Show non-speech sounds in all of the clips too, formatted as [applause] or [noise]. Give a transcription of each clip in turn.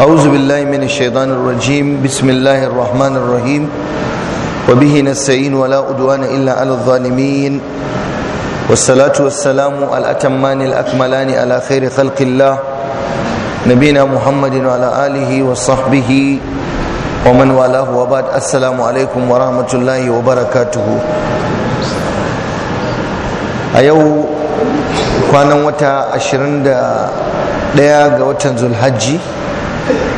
أعوذ بالله من الشيطان الرجيم بسم الله الرحمن الرحيم وبه نستعين ولا أدوان إلا على الظالمين والصلاة والسلام الأتمان الأكملان على خير خلق الله نبينا محمد وعلى آله وصحبه ومن والاه وبعد السلام عليكم ورحمة الله وبركاته أيو kwanan wata 21 ga watan zulhajji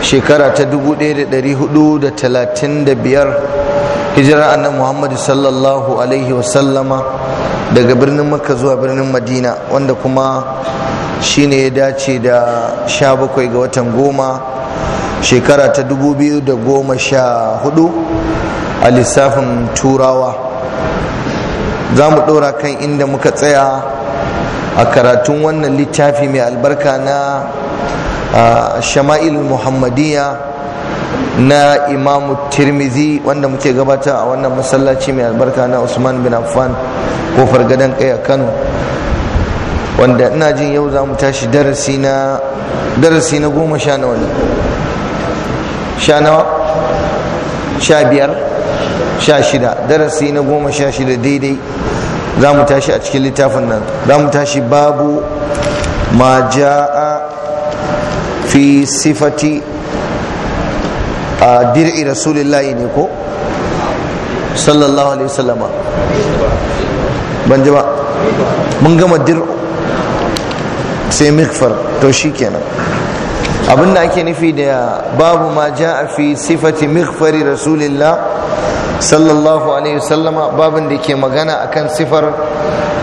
shekara ta 1435 hijira annan muhammadu sallallahu alaihi wasallama daga birnin makka zuwa birnin madina wanda kuma shine ya dace da 17 ga watan goma shekara ta 2014 a lissafin turawa za mu ɗora kan inda muka tsaya a karatun wannan littafi mai albarka na shama'il muhammadiyya na imamu tirmizi wanda muke gabata a wannan masallaci mai albarka na usman bin affan kofar gadon kai kano wanda ina jin yau za mu tashi darasi na goma sha nawa ne sha nawa sha biyar sha shida darasi na goma sha shida daidai za mu tashi a cikin littafin nan za mu tashi babu ma ja'a fi sifati a ah, dir'i rasulillahi ne ko sallallahu alaihi wasallama ban ji ba mun gama dir sai mikfar to shi kenan Abin abinda ake nufi da babu ma ja a fi sifati mikfari rasulillah sallallahu alaihi wasallama babin da ke magana akan sifar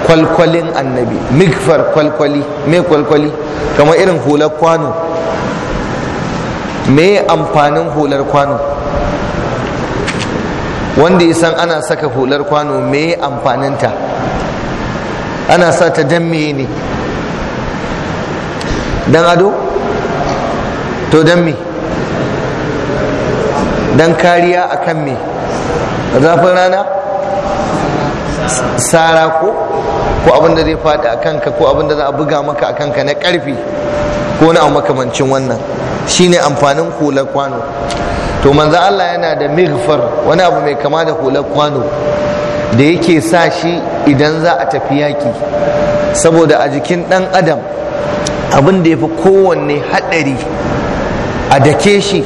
kwalkwalin annabi mikfar kwalkwali mai kwalkwali kamar irin hular kwano mai amfanin hular kwano wanda ya san ana saka hular kwano mai amfaninta ana sa ta don me ne dan ado to don me dan kariya akan me zafin rana sara ko ko abin da zai faɗi a kanka ko abin da za a buga maka a kanka na ƙarfi ko na makamancin wannan shine amfanin hular kwano to manzo Allah yana da mighfar wani abu mai kama da hular kwano da yake sa shi idan za a tafi yaki. saboda a jikin ɗan adam abin da ya fi kowanne haɗari a dake shi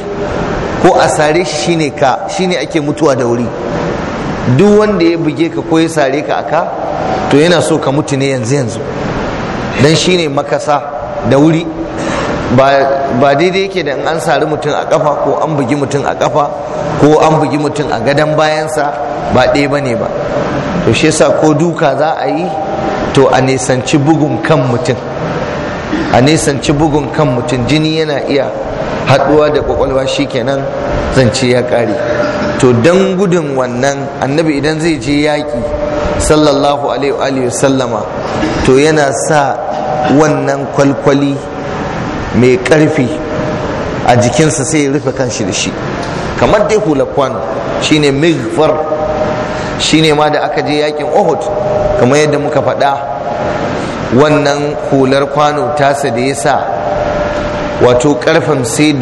ko a sare shi shine ka ake mutuwa da wuri duk wanda ya buge ka ko ya sare ka a ka? to yana so ka mutu ne yanzu yanzu dan shine makasa da wuri ba daidai yake da in an sari mutum a kafa ko an bugi mutum a kafa ko an bugi mutum a gadon bayansa ba ɗaya ba ne ba to shi yasa ko duka za a yi to a nisanci bugun kan mutum a nisanci bugun kan mutum jini yana iya haɗuwa da kwakwalwa kenan zance ya ƙare to don gudun wannan annabi idan zai je yaƙi sallallahu alaihi wa sallama to yana sa wannan kwalkwali mai karfi a jikinsa sai ya rufe kanshi da shi kamar dai hula kwano shine mighfar shine ma da aka je yakin Uhud kamar yadda muka faɗa wannan hular kwano tasa da ya sa wato karfin sai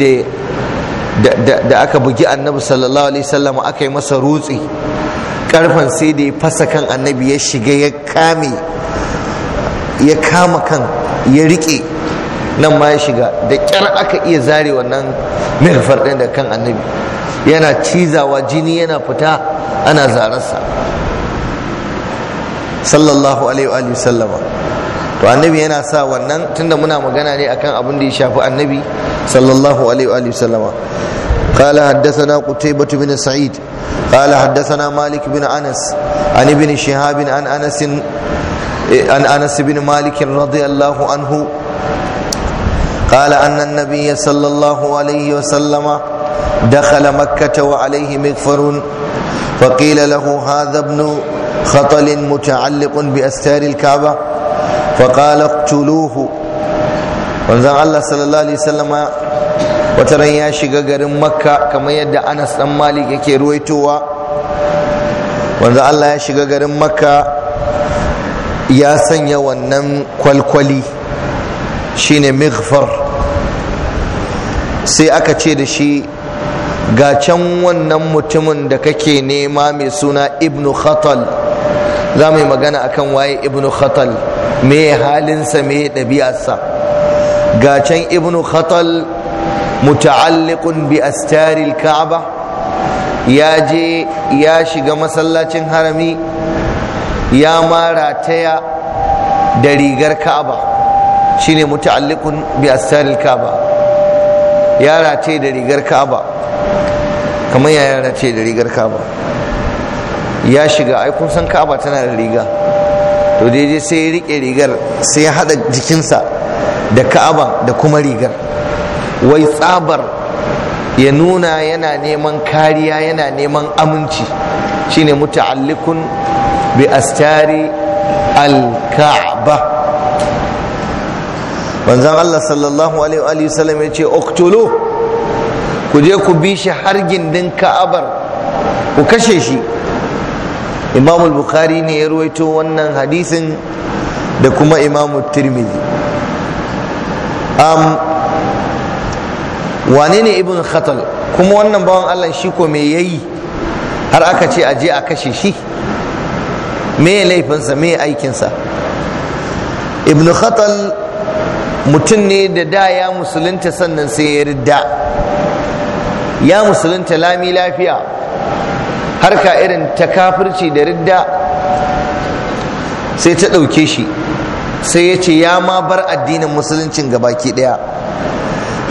da aka bugi annabi sallallahu alaihi wasallam aka yi masa rutsi karfan sai da ya fasa kan annabi ya shiga ya kame ya kama kan ya rike nan ma ya shiga da kyar aka iya zare wannan mirfar ɗin da kan annabi yana cizawa jini yana fita ana zararsa sallallahu alaihi wa sallama to annabi yana sa wannan tunda muna magana ne akan abin da ya shafi annabi sallallahu alaihi wa sallama قال حدثنا قتيبة بن سعيد قال حدثنا مالك بن أنس عن ابن شهاب عن أنس عن أنس بن مالك رضي الله عنه قال أن النبي صلى الله عليه وسلم دخل مكة وعليه مغفر فقيل له هذا ابن خطل متعلق بأستار الكعبة فقال اقتلوه wanzan Allah sallallahu alaihi sallama wata ran ya shiga garin makka kamar yadda anas dan malik yake ruwaitowa wanda allah ya shiga garin makka ya sanya wannan kwalkwali shine mighfar sai aka ce da shi ga can wannan mutumin da kake nema mai suna ibnu khatal za mu yi magana akan waye ibnu khatal me halinsa me ɗabi'arsa ga can ibnu khatal muta'alliqun bi astaril ka'aba ya je ya shiga masallacin harami ya mara taya da rigar ka'aba shine muta'alliqun bi astaril ka'aba ya rataye da rigar ka'aba kamar ya rataye da rigar ka'aba ya shiga ai san ka'aba tana da riga to daidai sai ya rike rigar sai ya hada jikinsa da ka'aba da kuma rigar wai tsabar ya nuna yana neman kariya yana neman aminci shine muta'allikun bi astari al-ka'ba manzon Allah sallallahu alaihi wa sallam ya ce uktulu ku je ku bi shi har gindin ka'abar ku kashe shi imam bukhari ne ya ruwaito wannan hadisin da kuma imam tirmidhi um, wane ne ibn khatal kuma wannan bawan Allah shi ko me yayi har aka ce a je a kashe shi me laifinsa me aikinsa ibn khatal mutum ne da da ya musulunta sannan sai ya ridda ya musulunta lami lafiya harka irin ta kafirci da ridda sai ta ɗauke shi sai ya ce ya ma bar addinin musuluncin gabaki ɗaya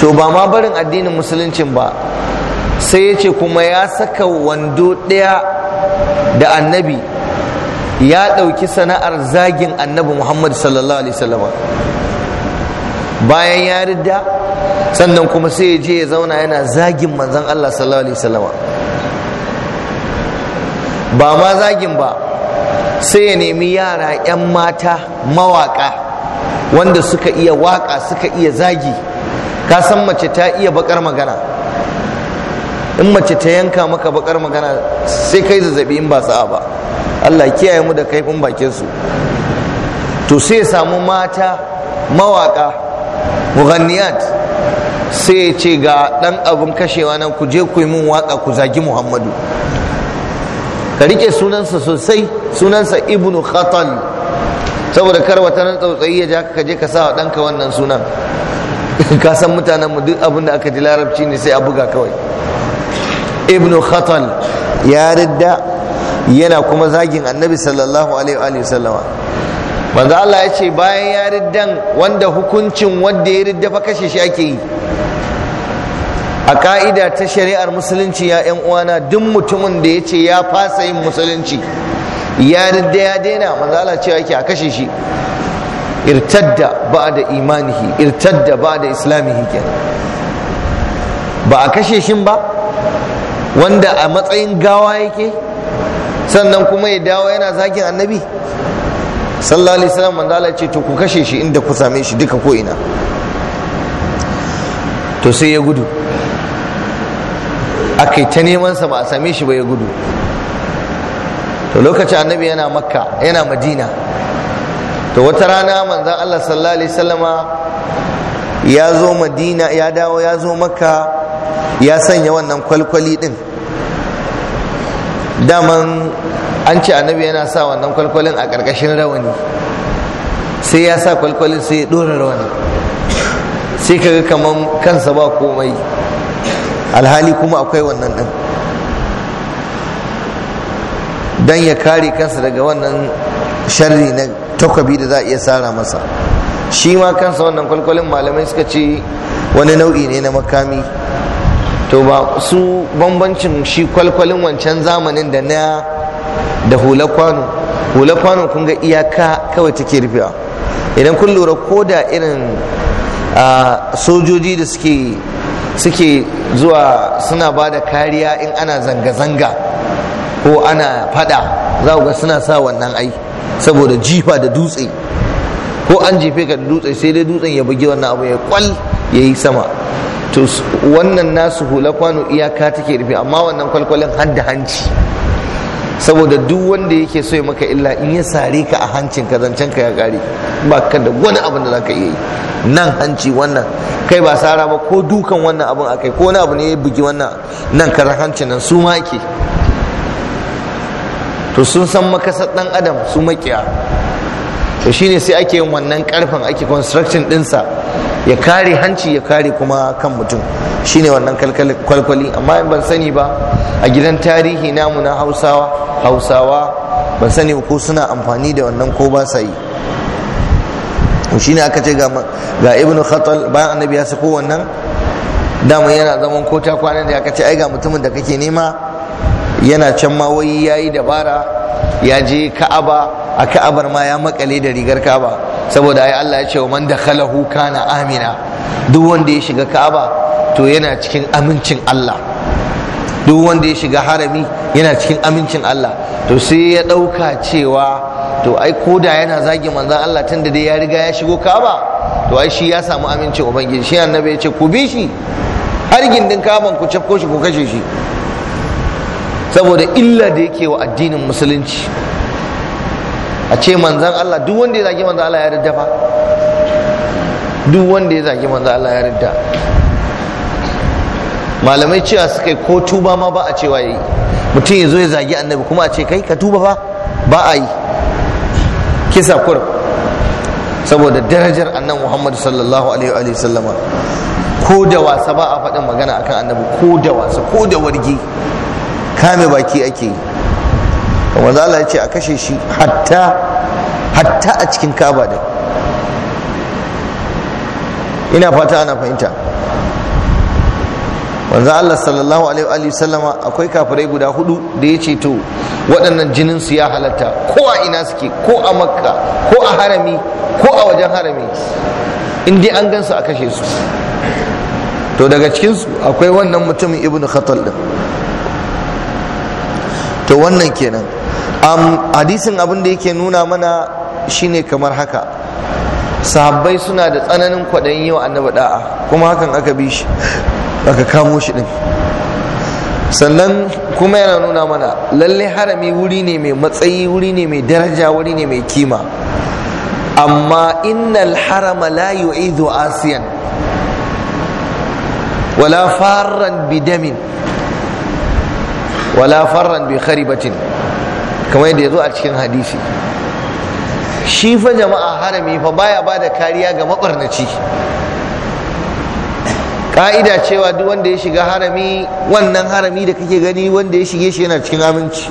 to ba ma barin addinin musuluncin ba sai ya ce kuma ya saka wando ɗaya da annabi ya ɗauki sana'ar zagin annabi muhammad sallallahu alaihi wasallam bayan ya ridda sannan kuma sai ya je ya zauna yana zagin manzan allah sallallahu alaihi wasallam ba ma zagin ba sai ya nemi yara 'yan mata mawaka wanda suka iya waka suka iya zagi ka san mace ta iya bakar magana in mace ta yanka maka bakar magana sai kai zazzabi in ba sa'a ba Allah kiyaye mu da kaifin bakin su to sai samu mata mawaka mughanniyat sai ya ce ga dan abin kashewa nan ku je ku yi min waka ku zagi Muhammadu ka rike sunansa sosai sunansa ibnu khatal saboda kar nan tsautsayi ya ja ka je ka sa wa ɗanka wannan sunan [laughs] ka san mutanen mu duk abin aka ji larabci ne sai a buga kawai ibn khatal ya ridda yana kuma zagin annabi sallallahu alaihi wa sallama manzo Allah ya ce bayan ya riddan wanda hukuncin wanda ya ridda fa kashe shi ake yi a ka'ida ta shari'ar musulunci ya yan uwana duk mutumin da ya ce ya fasa yin musulunci ya ridda ya daina manzo Allah cewa yake a kashe shi irtadda ba'da imanihi irtadda da islamihi kenan ba a kashe shi ba wanda a matsayin gawa yake sannan kuma ya dawo yana zagin annabi sallallahu alaihi wasallam manzo Allah ce to ku kashe shi inda ku same shi duka ko ina to sai ya gudu akai ta neman sa ba a same shi ba ya gudu to lokacin annabi yana makka yana madina to wata rana manzan Allah sallallahu alaihi sallama ya zo madina ya dawo ya zo maka ya sanya wannan kwalkwali din daman an ce annabi yana sa wannan kwalkwalin a ƙarƙashin rawani sai ya sa kwalkwalin sai ya ɗora rawani sai kaga kaman kansa ba komai alhali kuma akwai wannan ɗin Dan ya kare kansa daga wannan sharri na takwabi da za a iya sara masa shi ma kansa wannan kwalkwalin malamai suka ce wani nau'i ne na makami to ba su bambancin shi kwalkwalin wancan zamanin da na da hula kwano hula kwano kun ga iyaka kawai take rufewa idan kun lura ko da irin sojoji da suke suke zuwa suna ba da kariya in ana zanga-zanga ko ana fada za ga suna sa wannan aiki. saboda jifa da dutse ko an jefe ka da dutse sai dai dutsen ya bugi wannan abu ya kwal ya yi sama to wannan nasu hula kwano iyaka take rufe amma wannan kwalkwalin har da hanci saboda duk wanda yake so ya maka illa in ya sare ka a hancin ka zancen ka ya kare ba ka da wani abin da zaka iya yi nan hanci wannan kai ba sara ba ko dukan wannan abin akai ko wani abu ne ya bugi wannan nan karan hancin nan su ma yake to sun san makasar dan adam su makiya to shine sai ake yin wannan karfin ake construction dinsa ya kare hanci ya kare kuma kan mutum shine wannan kwalkwali amma in ban sani ba a gidan tarihi namu na hausawa hausawa ban sani ko suna amfani da wannan ko ba sa yi shine aka ce ga ibnu khatal bayan annabi ya sako wannan dama yana zaman kota kwanan da aka ce ai ga mutumin da kake nema yana can ma wai yi dabara ya je ka'aba a ka'abar ma ya makale da rigar ka'aba saboda ai Allah ya ce wa man khalahu kana amina duk wanda ya shiga ka'aba to yana cikin amincin Allah duk wanda ya shiga harami yana cikin amincin Allah to sai ya ɗauka cewa to ai koda yana zagi manzan Allah tun da dai ya riga ya shigo Ka'aba to ai shi ya samu amincin Ubangiji shi annabi ya ce ku bi shi har gindin Ka'aban ku cafko shi ku kashe shi saboda illa da yake wa addinin musulunci a ce manzan Allah duk wanda ya zagi manzan Allah ya ridda fa duk wanda ya zagi manzan Allah ya ridda malamai cewa su kai ko tuba ma ba a cewa yayi mutum ya zo ya zagi annabi kuma a ce kai ka tuba fa ba a yi kisa kur saboda darajar annan muhammadu sallallahu alaihi wa sallama ko da wasa ba a faɗin magana akan annabi ko da wasa ko da wargi kame baki ake yi za Allah ya ce a kashe shi hatta hatta a cikin kaba da ina fata ana fahimta wanzu Allah sallallahu alaihi wa sallama akwai kafirai guda hudu da ya ce to waɗannan jinin su ya halatta ko a ina suke ko a makka ko a harami ko a wajen harami in dai an gansu a kashe su to daga cikinsu akwai wannan mutumin Ibn khatal din to wannan kenan am hadisin abin da yake nuna mana shine kamar haka sahabbai suna da tsananin kwaɗayin yau annabi da'a kuma hakan aka bi shi aka kamo shi din sannan kuma yana nuna mana lalle harami wuri ne mai matsayi wuri ne mai daraja wuri ne mai kima amma innal harama la yu'idu asiyan wala farran bidamin wala farran bi kharibatin kamar yadda ya zo a cikin hadisi shi fa jama'a harami fa baya bada kariya ga mabarnaci ka'ida cewa duk wanda ya shiga harami wannan harami da kake gani wanda ya shige shi yana cikin aminci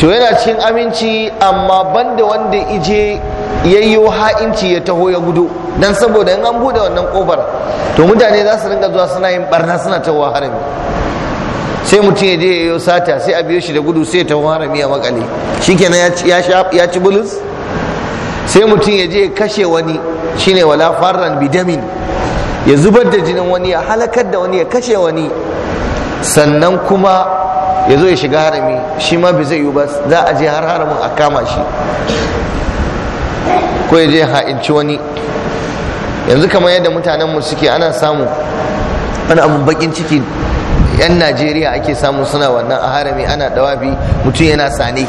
to yana cikin aminci amma banda wanda ije yayyo ha'inci ya taho ya gudu dan saboda in an bude wannan kofar to mutane za su ringa zuwa suna yin barna suna wa harami sai mutum ya je ya yi sata sai a biyo shi da gudu sai ya taho harami a makale shikenan ya ci bulus sai mutum ya je ya kashe wani shine wala farran bidamin ya zubar da jinin wani ya halakar da wani ya kashe wani sannan kuma ya zo ya shiga harami shi ma bai zai yi ba za a je har haramin a kama shi ko ya je ha'inci wani yanzu kamar yadda mutanenmu suke ana samu wani abun bakin ciki yan najeriya ake samu suna wannan a harami ana dawafi mutum yana sane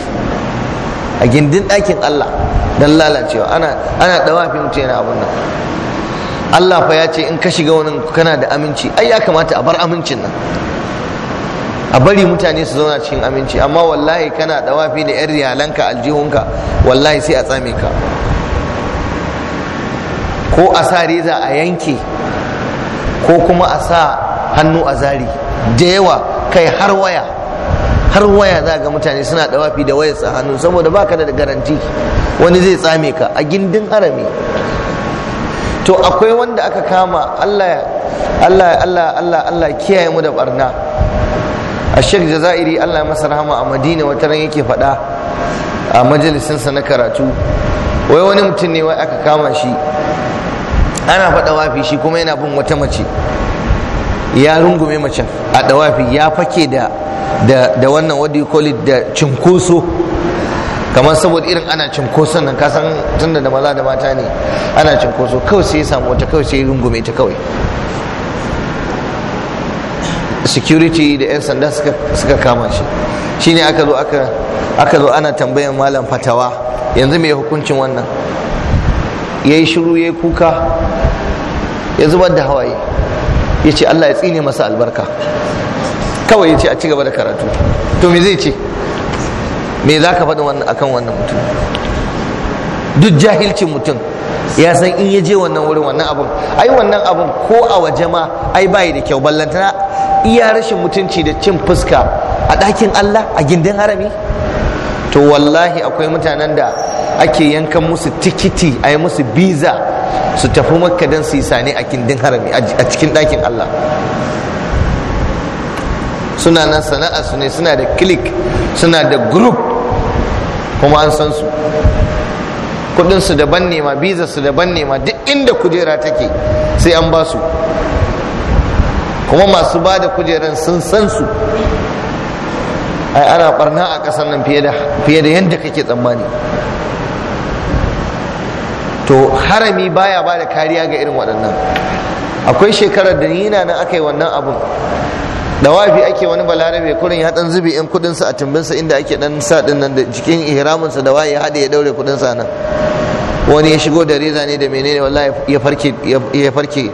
a gindin ɗakin allah don lalacewa ana dawafi mutum yana abun nan allah fa ya ce in ka shiga wani kana da aminci ai ya kamata a bar amincin nan a bari mutane su zauna cikin aminci amma wallahi kana wafi da yan riyalanka aljihunka wallahi sai a tsame ka ko a sa reza a yanke ko kuma a sa hannu a zari da yawa kai har waya har waya za ga mutane suna wafi da wayar sa hannu saboda baka da garanti wani zai tsame ka a gindin arami. to akwai wanda aka kama Allah Allah Allah Allah kiyaye mu da barna a shek jazairi allah masa rahama a madina wata ran yake faɗa a majalisinsa na karatu wai wani mutum ne wai aka kama shi ana faɗa wafi shi kuma yana bin wata mace ya rungume mace a ɗawafi ya fake da da wannan what do da cinkoso kamar saboda irin ana cinkoson nan san tunda da maza da mata ne ana cinkoso kawai sai ya samu wata kawai sai ya rungume ta kawai security da 'yan sanda suka kama shi shi aka zo aka zo ana tambayan malam fatawa yanzu mai hukuncin wannan ya yi shiru ya yi kuka ya zubar da hawaye ya ce allah ya tsine masa albarka kawai ya ce a cigaba da karatu to me zai ce me za ka faɗi akan wannan mutum duk jahilcin mutum ya san in ya je wannan wurin wannan abun ai wannan abun ko a waje ma ai bai da kyau ballantana iya rashin mutunci da cin fuska a ɗakin Allah a gindin harami to wallahi akwai mutanen da ake yankan musu tikiti a yi musu biza su tafi makka don su yi sane a gindin harami a cikin ɗakin Allah suna nan sana'a su ne suna da click suna da group kuma an san su kudin su daban ne ma bizar su daban ne ma duk inda kujera take sai an ba su kuma masu ba da kujeran sun san su ai ana barna a kasar nan fiye da yadda kake tsammani to harami baya ba da kariya ga irin waɗannan akwai shekarar da nina nan aka yi wannan abun. Da dawafi ake wani balarabe kurin ya dan zube yan kudin sa a tumbinsa inda ake dan sa din nan da cikin ihramin sa da ya hade ya daure kudin sa nan wani ya shigo da reza ne da menene wallahi ya farke ya farke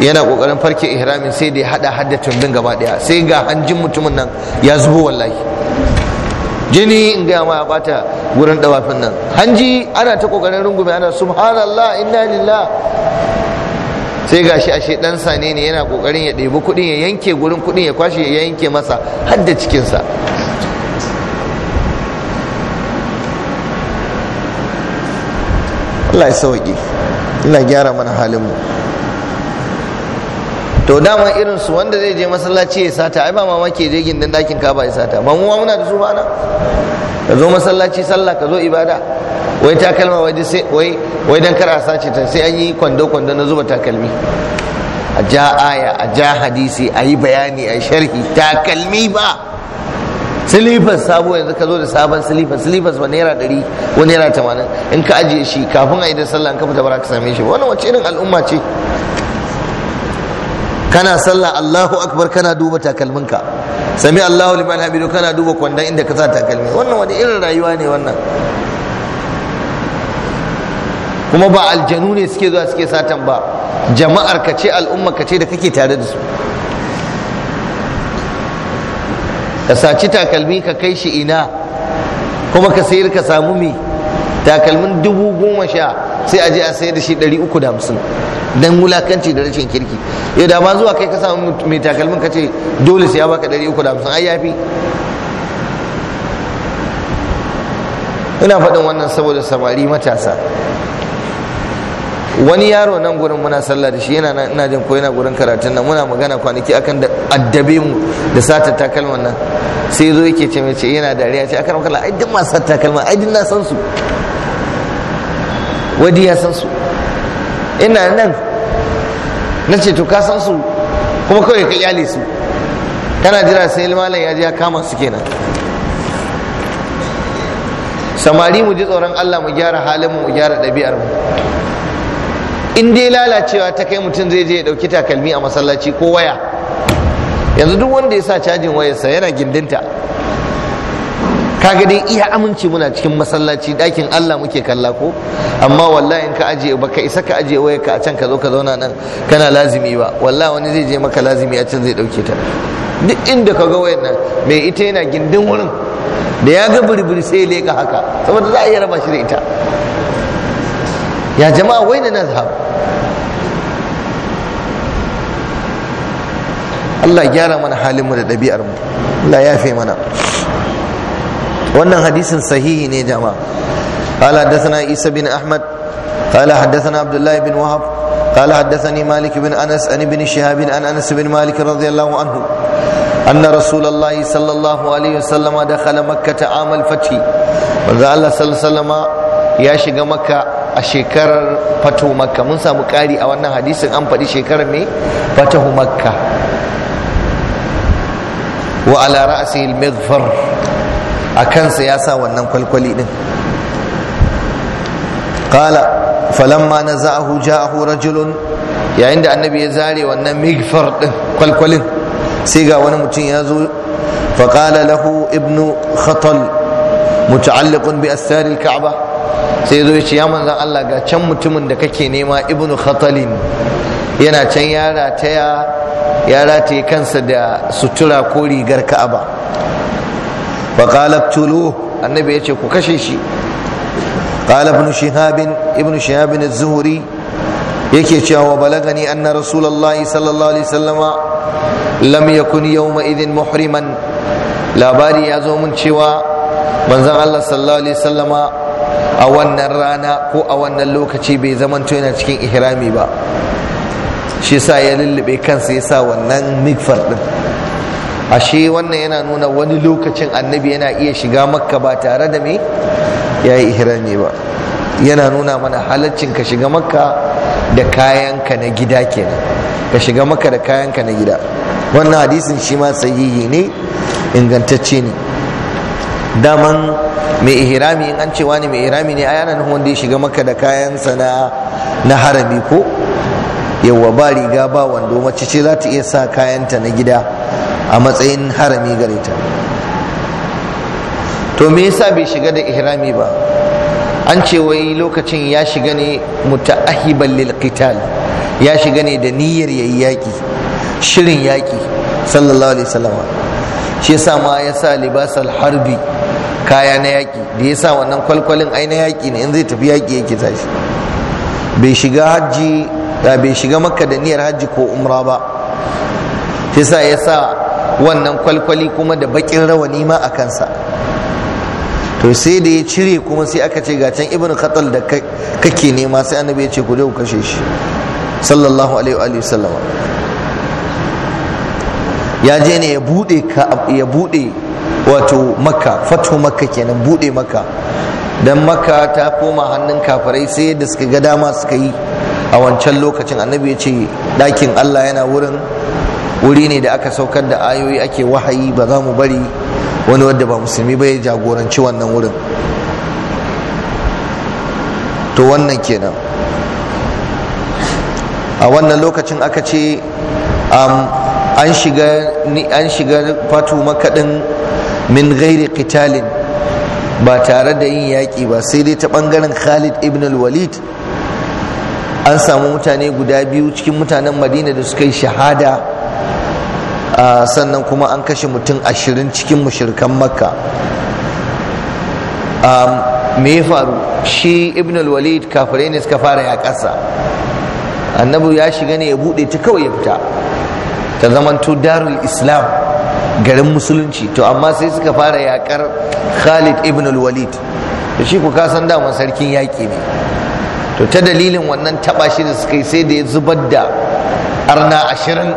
yana kokarin farke ihramin sai da ya hada hadda tumbin gaba daya sai ga hanjin mutumin nan ya zubo wallahi jini in gaya ma ya bata gurin dawafin nan hanji ana ta kokarin rungume ana subhanallah inna lillahi sai gashi ashe dan sane ne yana kokarin ya ɗebi kuɗin ya yanke gurin kuɗin ya kwashe ya yanke masa har da cikinsa Allah ya sauki ina gyara mana halin mu to dama irin su wanda zai je masallaci ya sata ai ba mamaki je gindin dakin kaba ya sata ba mu muna da su ba ka zo masallaci sallah ka zo ibada wai takalma wai sai wai wai dan kar a sace ta sai an yi kwando kwando na zuba takalmi a ja aya a ja hadisi a yi bayani a sharhi takalmi ba silifas sabo yanzu ka zo da sabon silifas silifas ba naira ɗari ko naira tamanin in ka ajiye shi kafin a yi da sallah in ka fita ba ka same shi wannan wace irin al'umma ce kana sallah Allahu akbar kana duba takalminka sami Allahu liman hamidu kana duba kwandon inda ka sa takalmi wannan wani irin rayuwa ne wannan kuma ba aljanu ne suke zuwa suke satan ba jama'ar ka ce al'umma ka ce da kake tare da su ka saci takalmi ka kai shi ina kuma ka sayar ka samu mi takalmin dubu goma sha sai a je a sayar da shi uku da hamsin don wulakanci da rashin kirki yau da ma zuwa kai ka samu mai takalmin ka ce dole sai ya baka uku da hamsin, ai yafi ina faɗin wannan saboda samari matasa wani yaro nan gurin muna sallah da shi yana nan ina jin ko yana gurin karatun nan muna magana kwanaki akan da addabe mu da sata takalman nan sai zo yake ce mai ce yana dariya ce akan kala ai duk masu takalma ai duk na san su wadi ya san su ina nan na ce to ka san su kuma kawai ka kyale su kana jira sai malam ya ji ya kama su kenan samari mu ji tsoron Allah mu gyara halin mu gyara ɗabi'ar mu in dai lalacewa ta kai mutum zai je ya ɗauki takalmi a masallaci ko waya yanzu duk wanda ya sa cajin wayarsa yana gindinta kaga dai iya aminci muna cikin masallaci dakin Allah muke kalla ko amma wallahi in ka aje baka isa ka aje waya ka a can ka zo ka zauna nan kana lazimi ba wallahi wani zai je maka lazimi a can zai dauke ta duk inda ka ga wayar nan mai ita yana gindin wurin da ya ga birbiri sai ya leka haka saboda za a iya raba shi da ita ya jama'a waina nazhab Allah gyara mana halin mu da ɗabi'ar mu Allah ya fi mana wannan hadisin sahihi ne jama'a قال حدثنا عيسى بن Allah sallallahu alaihi ya shiga makka a shekarar fatu mun samu kari a wannan hadisin an faɗi shekarar me fatahu wa ala ra'si al-midfar a kansa ya sa wannan kwalkwali din qala falamma a ja'ahu rajulun yayin da annabi ya zare wannan migfar din kwalkwalin sai ga wani mutum ya zo faƙala lahu ibnu khatal muta'alliqun bi astar al-ka'ba sai zo yace ya manzon Allah ga can mutumin da kake nema ibnu khatalin yana can ya rataya ya rataye kansa da sutura ko rigar ka'aba faƙalar tulo annabi ya ce ku kashe shi ƙala ibn shihabin ibn shihabin zuhuri yake cewa wa balagani anna Rasulallah sallallahu alaihi sallama lam yakun yawma idin muhriman labari ya zo mun cewa manzon Allah sallallahu alaihi sallama a wannan rana ko a wannan lokaci bai zamanto yana cikin ihrami ba shi sa ya lullube kansa ya sa wannan mikfar din ashe wannan yana nuna wani lokacin annabi yana iya shiga makka ba tare da me ya yi ihrami ba yana nuna mana halaccin ka shiga makka da kayanka na gida kenan ka shiga makka da kayanka na gida wannan hadisin shi ma sahihi ne ingantacce ne daman mai ihrami in an ce wani mai ihrami ne ayana nan wanda ya shiga makka da kayansa na na harami ko yawa ba riga ba wando mace ce za ta iya sa kayanta na gida a matsayin harami gare ta to me yasa bai shiga da ihrami ba an ce wai lokacin ya shiga ne muta'ahiban lil qital ya shiga ne da niyyar yayi yaki shirin yaki sallallahu alaihi wasallam shi yasa ma ya sa libasal harbi kaya na yaki da yasa wannan kwalkwalin ai na yaki ne in zai tafi yaki yake tashi bai shiga hajji bai shiga makka da niyyar hajji ko umra ba shi yasa ya sa wannan kwalkwali kuma da bakin rawani ma a kansa to sai da ya cire kuma sai aka ce ga can ibn khatal da kake nema sai annabi ya ce ku je ku kashe shi sallallahu alaihi wa sallama ya je ne ya bude ya bude wato makka fatu makka kenan bude makka dan makka ta koma hannun kafirai sai da suka ga dama suka yi a wancan lokacin annabi ya ce dakin Allah yana wurin wuri ne da aka saukar da ayoyi ake wahayi ba za mu bari wani wanda ba musulmi ba ya jagoranci wannan wurin to wannan kenan a wannan lokacin aka ce an shiga fatu makaɗin min gairi qitalin ba tare da yin yaƙi ba sai dai ta bangaren khalid ibn al-walid an samu mutane guda biyu cikin mutanen madina da suka yi shahada Ah, sannan kuma an kashe mutum ashirin cikin mushirkan makka ah, me ya faru shi ibn al-walid kafirai suka fara ya Annabu annabi ya shiga ne ya buɗe ta kawai ya fita ta zamanto darul islam garin musulunci to amma sai suka fara yakar khalid ibn al-walid da shi ku kasan daman sarkin yaƙi ne to ta dalilin wannan taɓa shi da suka yi sai da ya zubar da arna ashirin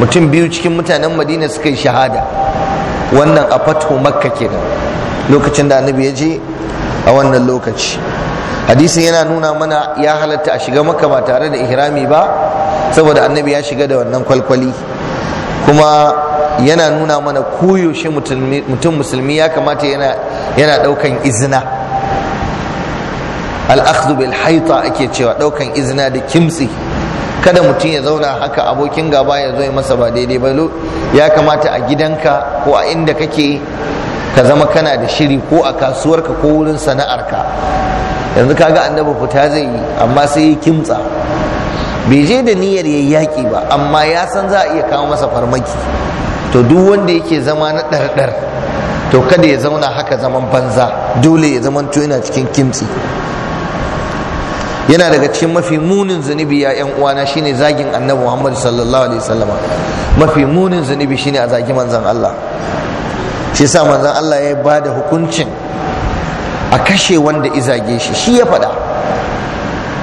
mutum biyu cikin mutanen madina suka yi shahada wannan a fatu makka kenan lokacin da annabi ya je a wannan lokaci hadisin yana nuna mana ya halatta a shiga makka ba tare da ihrami ba saboda annabi ya shiga da wannan kwalkwali kuma yana nuna mana koyaushe mutum musulmi ya kamata yana daukan izina al bil haita ake cewa daukan izina da kimtsi kada mutum ya zauna haka abokin gaba ya zo masa ba daidai ba ya kamata a gidanka ko a inda kake ka zama kana da shiri ko a kasuwar ka ko wurin sana'ar ka. yanzu kaga annabi fita zai yi amma sai ya kimtsa bai je da niyyar ya yaki ba amma ya san za a iya kawo masa farmaki to duk wanda yake zama na ɗarɗar to kada ya zauna haka zaman banza dole ya zaman to yana cikin kimtsi yana daga cikin mafi munin zunubi ya yan uwana shine zagin annabi Muhammad sallallahu alaihi wasallama mafi munin zunubi shine a zagi manzon Allah shi yasa manzon Allah ya ba da hukuncin a kashe wanda izage shi shi ya faɗa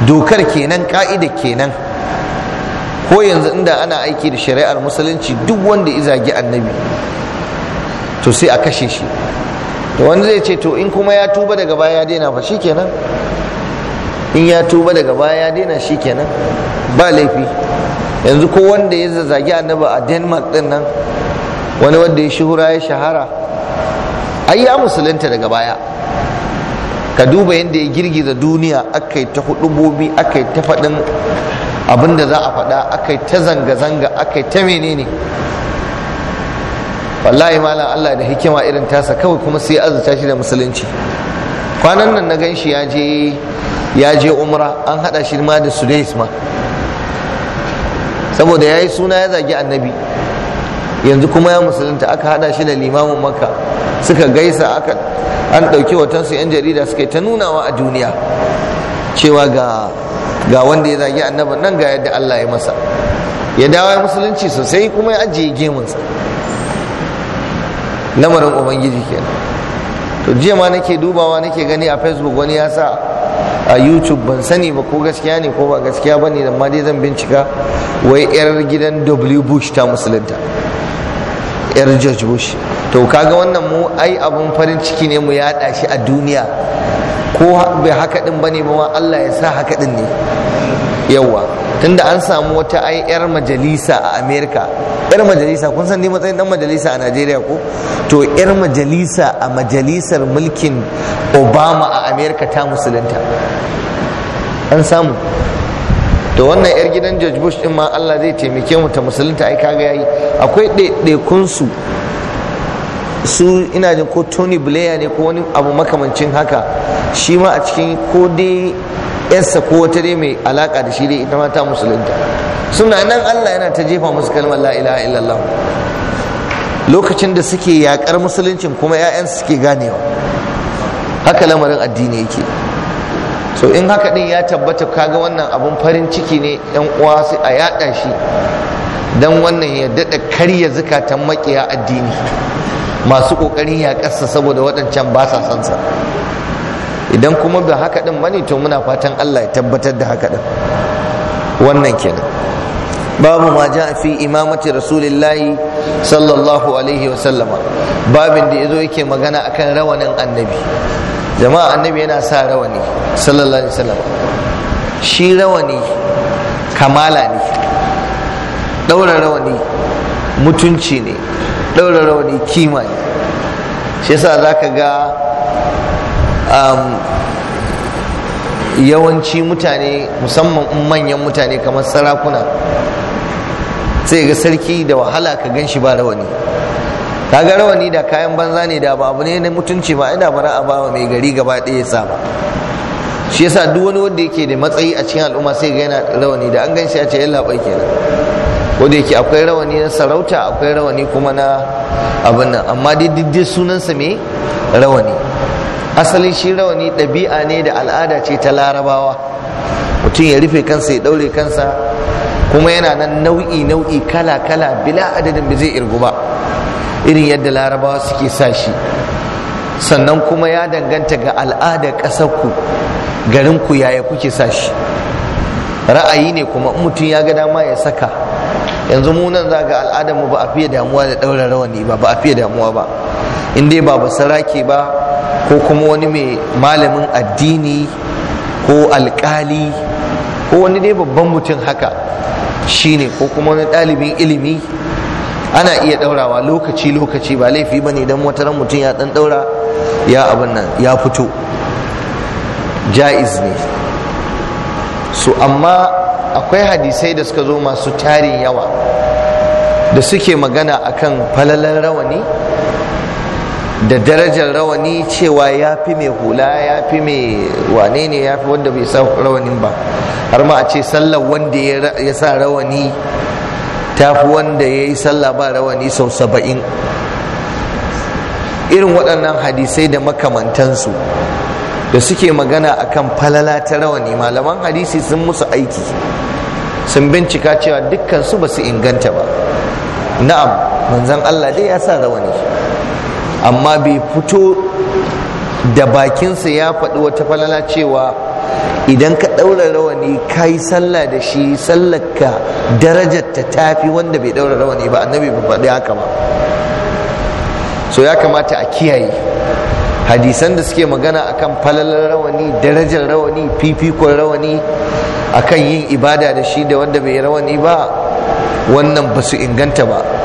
dokar kenan ka'ida kenan ko yanzu inda ana aiki da shari'ar musulunci duk wanda izage annabi to sai a kashe shi to wanda zai ce to in kuma ya tuba daga baya ya daina fa kenan in ya tuba daga baya ya daina shi kenan ba laifi yanzu ko wanda ya zazzagi annabi a denmark din nan wani wanda ya shuhura ya shahara ai ya musulunta daga baya ka duba yadda ya girgiza duniya aka yi ta bobi aka yi ta faɗin abin da za a faɗa aka yi ta zanga-zanga aka yi ta menene wallahi malam allah da hikima irin tasa kawai kuma sai azurta shi da musulunci kwanan nan na gan shi ya je ya je umra an hada shi ma da sudais ma saboda ya yi suna ya zagi annabi yanzu kuma ya musulunta aka hada shi da limamin makka suka gaisa aka an ɗauki watansu 'yan jarida suka ta nunawa a duniya cewa ga wanda ya zagi annabin nan ga yadda Allah ya masa ya dawo ya musulunci sosai kuma ya ajiye gemunsa lamarin ubangiji kenan to jiya ma nake dubawa nake gani a facebook wani ya sa a youtube ban sani ba ko gaskiya ne ko ba gaskiya ba ne amma dai zan bincika wai yar gidan w bush ta musulunta yar george bush to kaga wannan mu ai abun farin ciki ne mu yada shi a duniya ko bai haka din bane ba ma allah ya sa haka din ne yawa tunda an samu wata ai yar majalisa a america yar majalisa kun san ni matsayin dan majalisa a najeriya ko to yar majalisa a majalisar mulkin obama a america ta musulunta an samu to wannan yar gidan george bush din ma allah zai taimake mu ta musulunta ai kaga yayi akwai ɗaiɗaikun su su ina jin ko tony blair ne ko wani abu makamancin haka shi ma a cikin ko dai yarsa ko wata dai mai alaka da shi dai ita mata ta musulunta suna nan Allah yana ta jefa musu kalmar la ilaha illallah lokacin da suke yakar musuluncin kuma ƴaƴansu suke ganewa haka lamarin addini yake so in haka din ya tabbata kaga wannan abun farin ciki ne yan uwa sai a yada shi dan wannan ya dada karya zukatan makiya addini masu kokarin yakarsa saboda waɗancan ba sa son sa idan kuma ba haka din bane to muna fatan Allah ya tabbatar da haka din wannan kenan babu ma ja fi imamati rasulillahi sallallahu alaihi wa sallama babin da yazo yake magana akan rawanin annabi jama'a annabi yana sa rawani sallallahu alaihi wasallam shi rawani kamala ne daura rawani mutunci ne daura rawani kima ne shi yasa zaka ga Um, yawanci mutane musamman manyan mutane kamar sarakuna sai ga sarki da wahala ka gan shi ba rawani kaga rawani da kayan banza ne da ba abu ne na mutunci ba ina bara a bawa mai gari gaba ɗaya sa ba shi yasa duk wani wanda yake da matsayi a cikin al'umma sai ga yana rawani da an gan shi a ce yalla bai kenan da yake akwai rawani na sarauta akwai rawani kuma na abin nan amma dai sunansa me rawani asalin shi rawani ɗabi'a ne da al'ada ce ta larabawa mutum ya rufe kansa ya ɗaure kansa kuma yana nan nau'i nau'i kala kala bila adadin ba zai irgu ba irin yadda larabawa suke sa shi sannan kuma ya danganta ga al'adar ƙasarku garinku yaya kuke sa shi ra'ayi ne kuma in mutum ya ga dama ya saka yanzu mu nan za ga al'adarmu ba a fiye damuwa da ɗaura rawani ba ba a fiye damuwa ba in dai ba saraki ba ko kuma wani mai malamin addini ko alkali ko wani dai babban mutum haka shine ko kuma wani ɗalibin ilimi ana iya ɗaurawa lokaci-lokaci ba laifi ba ne don wataran mutum ya ɗan ɗaura ya abin nan ya fito ja'iz ne su amma akwai hadisai da suka zo masu tarin yawa da suke magana akan falalan rawani da darajar rawani cewa ya fi mai hula ya fi mai wane ne ya fi wanda bai sa rawanin ba har ma a ce sallar wanda ya sa rawani ta fi wanda ya yi sallah ba rawani sau saba'in irin waɗannan hadisai da makamantansu da suke magana akan falala ta rawani malaman hadisi sun musu aiki sun bincika cewa dukkan su ba su inganta ba na'am manzon Allah dai ya sa rawani amma bai fito da bakinsa ya faɗi wata falala cewa idan ka ɗaura rawani ka yi sallah da shi sallarka darajarta ta fi wanda bai ɗaura rawani ba annabi bai faɗi haka ba so ya kamata a kiyaye hadisan da suke magana akan falalar rawani darajar rawani fifikon rawani akan yin ibada da shi da wanda bai rawani ba wannan ba su inganta ba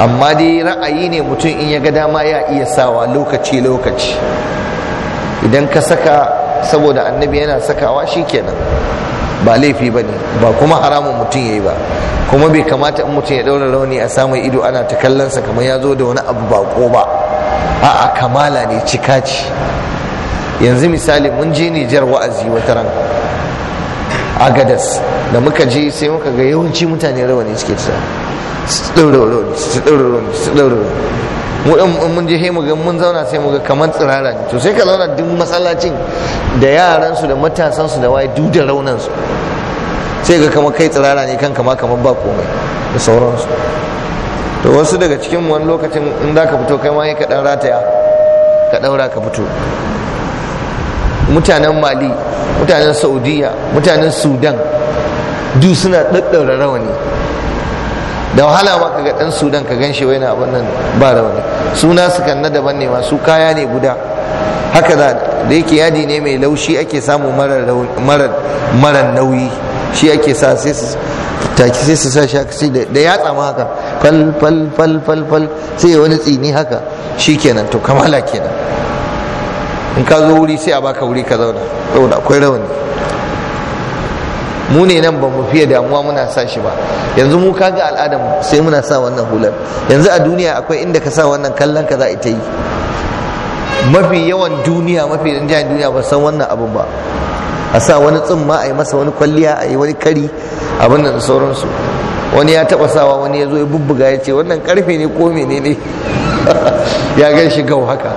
amma dai ra'ayi ne mutum in ya ga dama ya iya sawa lokaci lokaci idan ka saka saboda annabi yana sakawa shi kenan ba laifi ba ne ba kuma haramun mutum ya yi ba kuma bai kamata in mutum ya ɗaura rauni a samun ido ana ta kallonsa kamar ya zo da wani abu bako ba a'a kamala ne cika ce yanzu misali mun je nijar wa'azi wata ran agadas da muka ji sai muka ga yawanci mutane rawani suke ta su ɗaura mu mun je mu ga mun zauna sai mu ga kamar tsirara ne to sai ka zauna duk masallacin da yaransu da matasansu da waye duk da raunansu sai ga kamar kai tsirara ne kan kama kamar ba komai da sauransu to wasu daga cikin wani lokacin in za ka fito kai ma ka ɗan rataya ka ɗaura ka fito mutanen mali mutanen saudiya mutanen sudan du suna ɗaɗɗaura rawani da wahala ma kaga ɗan sudan ka ganshi shi na abin nan ba rawani suna su kan na daban ne masu kaya ne guda haka da da yake yadi ne mai laushi ake samu marar nauyi shi ake sa sai su taki sai su sa shi haka sai da yatsa ma haka fal fal fal fal fal sai wani tsini haka shi kenan to kamala kenan in ka zo wuri sai a baka wuri ka zauna saboda akwai rawani mu ne nan ba mu fiye damuwa muna sa shi ba yanzu mu kaga al'adar sai muna sa wannan hular yanzu a duniya akwai inda ka sa wannan kallon ka za ita yi mafi yawan duniya mafi rinjayen duniya ba san wannan abin ba a sa wani tsimma a yi masa wani kwalliya a yi wani kari abin da sauransu wani ya taba sawa wani ya zo ya bubbuga ya ce wannan karfe ne ko menene [laughs] ya gan shi gau haka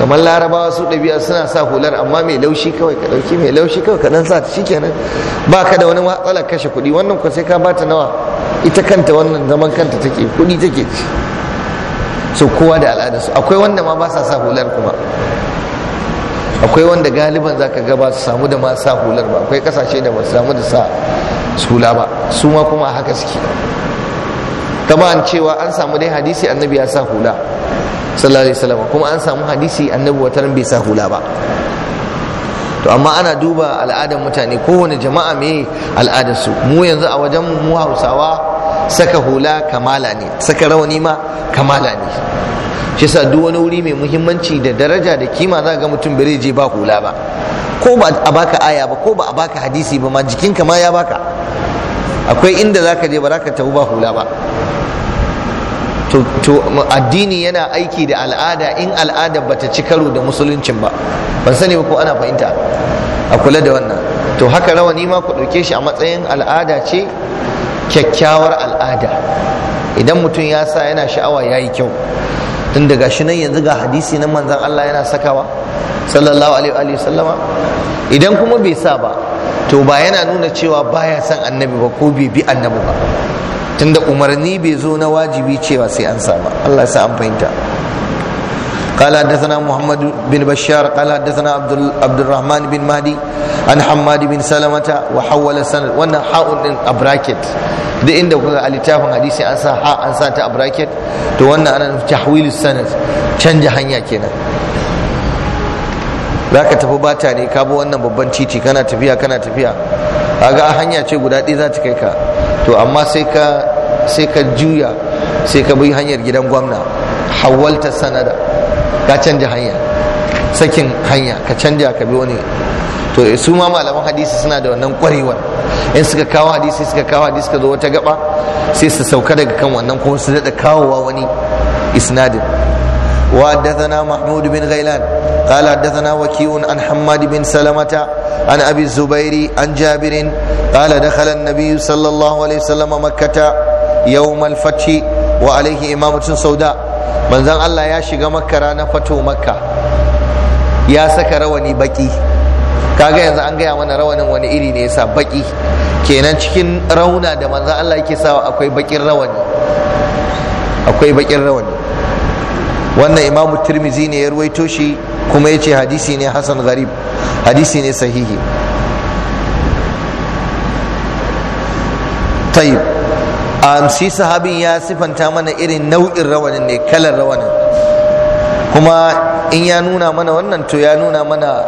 kamar larabawa su ɗabi'a suna sa hular amma mai laushi kawai ka ɗauki mai laushi kawai ka ɗan sa ta shikenan ba ka da wani matsalar kashe kuɗi wannan kuwa sai ka bata nawa ita kanta wannan zaman kanta take kuɗi take ci so kowa da su. akwai wanda ma ba sa sa hular kuma akwai wanda galiban za ka gaba su samu da ma sa hular ba akwai kasashe da ba su samu da sa hula ba su ma kuma haka suke an cewa an samu dai hadisi annabi ya sa hula sallallahu alaihi wasallam kuma an samu hadisi annabi wata bai sa hula ba to amma ana duba al'adar mutane kowane jama'a me al'adar su mu yanzu a wajen mu Hausawa saka hula kamala ne saka rawani ma kamala ne shi yasa duk wani wuri mai muhimmanci da daraja da kima za ga mutum bai je ba hula ba ko ba a baka aya ba ko ba a baka hadisi ba ma jikinka ma ya baka akwai inda zaka je ba za ka tabu ba hula ba to addini yana aiki da al'ada in al'ada bata ci karo da musuluncin ba ban sani ba ko ana fahimta a kula da wannan to haka rawani ma ku ɗauke shi a matsayin al'ada ce kyakkyawar al'ada idan mutum ya sa yana sha'awa ya yi kyau tun daga shi nan yanzu ga hadisi na manzan Allah yana sakawa sallallahu alaihi wa sallama idan kuma bai sa ba to ba yana nuna cewa baya son annabi ba ko bai bi annabi ba tunda umarni bai zo na wajibi cewa sai an sa ba Allah ya sa an fahimta قال حدثنا محمد بن بشار قال حدثنا عبد عبد الرحمن بن مهدي عن حماد بن سلمة وحول السند وانا حاء ابراكت duk inda kuka a littafin hadisi an sa ha an sa ta a bracket to wannan ana sanad canja hanya kenan za ka tafi bata ne ka bi wannan babban titi kana tafiya kana tafiya kaga hanya ce guda ɗaya za ta kai ka to amma sai ka sai ka juya sai ka bi hanyar gidan gwamna hawalta sanada ka canja hanya sakin hanya ka canja ka bi wani to su ma malaman hadisi suna da wannan kwarewar in suka kawo hadisi suka kawo hadisi ka zo wata gaba sai su sauka daga kan wannan kuma su daɗa kawowa wani isnadin وحدثنا محمود بن غيلان قال حدثنا وكيع عن حماد بن سلمة عن أبي الزبير عن جابر قال دخل النبي صلى الله عليه وسلم مكة يوم الفتح وعليه إمامة سوداء من زن الله يا شيخ مكة رانا فتو مكة يا سكر وني بكي kaga yanzu an gaya mana rawanin wani iri ne yasa baki kenan cikin rauna da manzan Allah yake sawa akwai bakin rawani akwai bakin rawani wannan imamu tirmizi ne ya ruwaito shi kuma ya ce hadisi ne hasan gharib hadisi ne sahihi tayyib amsi um, sahabin ya sifanta mana irin nau'in rawanin ne kalar rawanin kuma in ya nuna mana wannan to ya nuna mana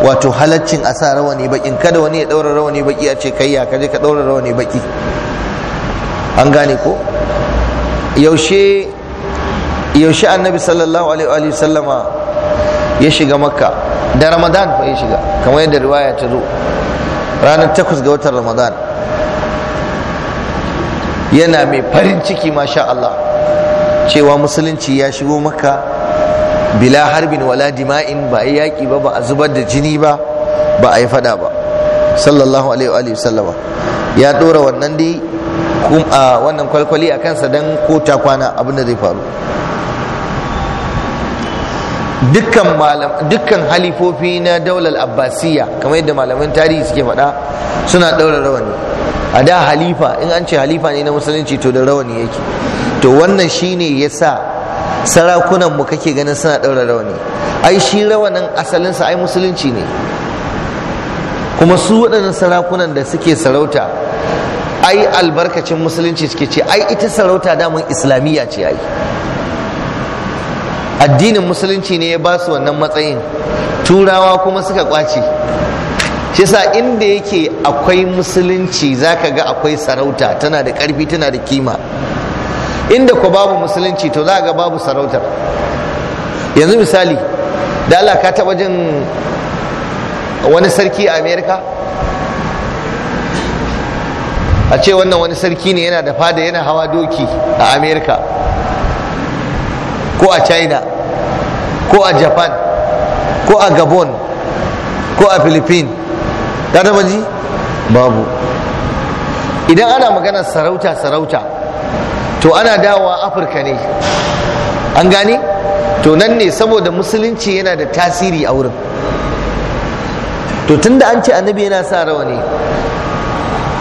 wato halaccin a sa rawani bakin kada wani ya daura rawani baki a ce kai ya kaje ka daura rawani baki an gane ko yaushe yaushe annabi sallallahu alaihi sallama ya shiga makka da ramadan fa ya shiga kamar yadda riwaya ta zo ranar takwas ga watan ramadan yana mai farin ciki masha Allah cewa musulunci ya shigo makka bila harbin wala dima'in ba a yaƙi ba ba a zubar da jini ba ba a yi fada ba sallallahu alaihi sallama ya ɗora wannan dai wannan kwalkwali a kansa don ko ta kwana abin da zai faru dukkan malam dukkan halifofi na daular abbasiya kamar yadda malaman tarihi suke faɗa suna ɗaura rawani a da halifa in an ce halifa ne na musulunci to da rawani yake to wannan shine sa sarakunan mu kake ganin suna ɗaura rawani ai shi rawanin asalinsa ai musulunci ne kuma su waɗannan sarakunan da suke sarauta ai albarkacin musulunci suke ce ai ita sarauta damun islamiyya ce ai addinin musulunci ne ya ba su wannan matsayin turawa kuma suka kwace shi sa inda yake akwai musulunci zaka ga akwai sarauta tana da ƙarfi tana da kima inda ku babu musulunci to za ga babu sarautar yanzu misali da Allah ka taɓa jin wani sarki a amerika a ce wannan wani sarki ne yana da fada yana hawa doki a amerika ko a china ko a japan ko a gabon ko a philippines ta taba ji babu idan ana maganar sarauta sarauta to ana dawowa afirka ne an gane to nan ne saboda musulunci yana da tasiri a wurin to tunda an ce annabi yana sa rawa ne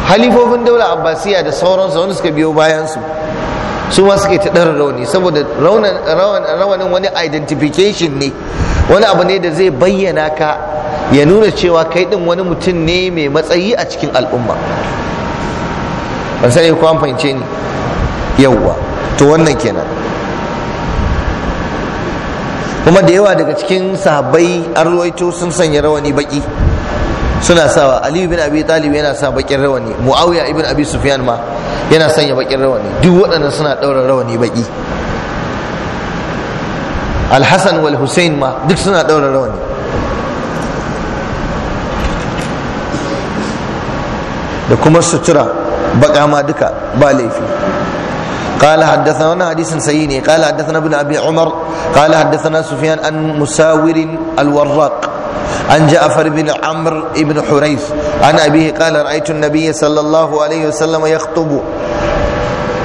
halifofin daular abbasiya da sauransu wanda suka biyo bayansu su ma suke ta ɗara rauni saboda rawanin wani identification ne wani abu ne da zai bayyana ka ya nuna cewa kai ɗin wani mutum ne mai matsayi a cikin al'umma ban sani ko an fahimce ni yawwa to wannan kenan kuma da yawa daga cikin sahabbai an ruwaito sun sanya rawani baki suna sawa aliyu bin abi talib yana sa bakin rawani muawiya ibn abi sufyan ma yana sanya bakin rawani duk waɗannan suna ɗaura rawani baki alhassan wal hussein ma duk suna ɗaura rawani da kuma sutura baka ma duka ba laifi قال حدثنا وانا حديث سيئني قال حدثنا ابن ابي عمر قال حدثنا سفيان عن مساور الوراق عن جعفر بن عمرو بن حريث عن أبيه قال رأيت النبي صلى الله عليه وسلم يخطب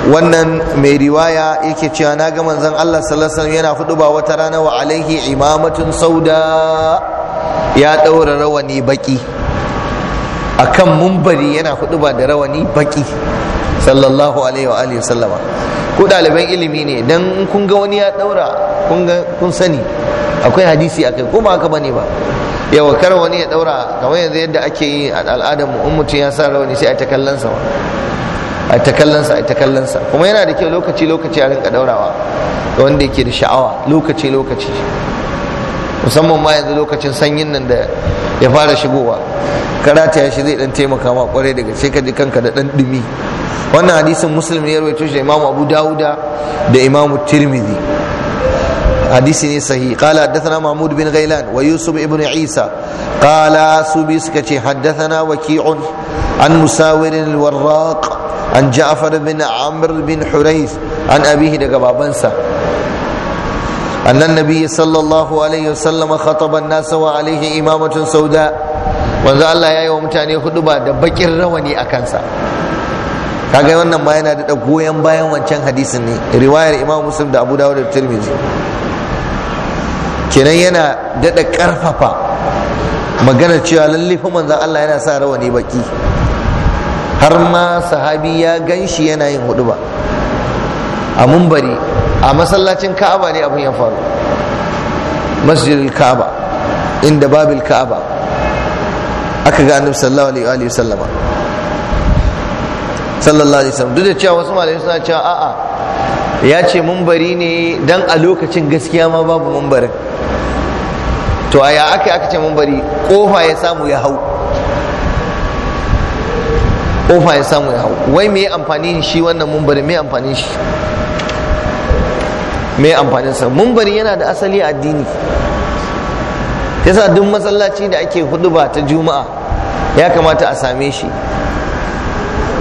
wannan mai riwaya yake cewa na ga manzon Allah sallallahu alaihi yana yana ba wata rana wa alaihi imamatun sauda ya daura rawani baki akan mumbari yana ba da rawani baki sallallahu alaihi wa alihi sallama Ku ɗaliban ilimi ne dan kun ga wani ya daura kun ga kun sani akwai hadisi akai ko ba haka bane ba yawa kar wani ya daura kamar yanzu yadda ake yi a al'adar mu in mutum ya sa rawani sai a ta kallon sa a ta kallon sa a ta kallon sa kuma yana da kyau lokaci lokaci a rinka daurawa ga wanda yake da sha'awa lokaci lokaci musamman ma yanzu lokacin sanyin nan da ya fara shigowa karata ya shi zai dan taimaka ma kwarai daga sai ka ji kanka da dan dumi wannan hadisin muslim ne ya rawaito shi da imamu abu dauda da imamu tirmidhi hadisi ne sahi qala haddathana mahmud bin ghailan wa yusuf ibn isa qala subi suka ce haddathana waki'un an musawir al-warraq an ja'far bin amr bin an abihi daga babansa أن النبي صلى الله عليه وسلم خطب الناس وعليه إمامة سوداء wanzu Allah ya yi wa mutane hudu ba da bakin rawani a kansa kaga wannan ma yana da goyon bayan wancan hadisin ne riwayar Imam Muslim da Abu Dawud da Tirmidhi kenan yana daɗa ƙarfafa maganar cewa lallifin manzan Allah yana sa rawani baki har ma sahabi ya gan shi yana yin hudu ba a mumbari a masallacin ka'aba ne abin ya faru masjidil ka'aba inda babil ka'aba aka ga annabi sallallahu alaihi wa sallama sallallahu alaihi wasallam duk da cewa wasu malamai suna cewa a'a ya ce mumbari ne dan a lokacin gaskiya ma babu mumbarin to a ya aka aka ce mumbari kofa ya samu ya hau kofa ya samu ya hau wai me amfani shi wannan mumbari me amfani shi me amfani sa mumbari yana da asali addini yasa duk masallaci da ake huduba ta juma'a ya kamata a same shi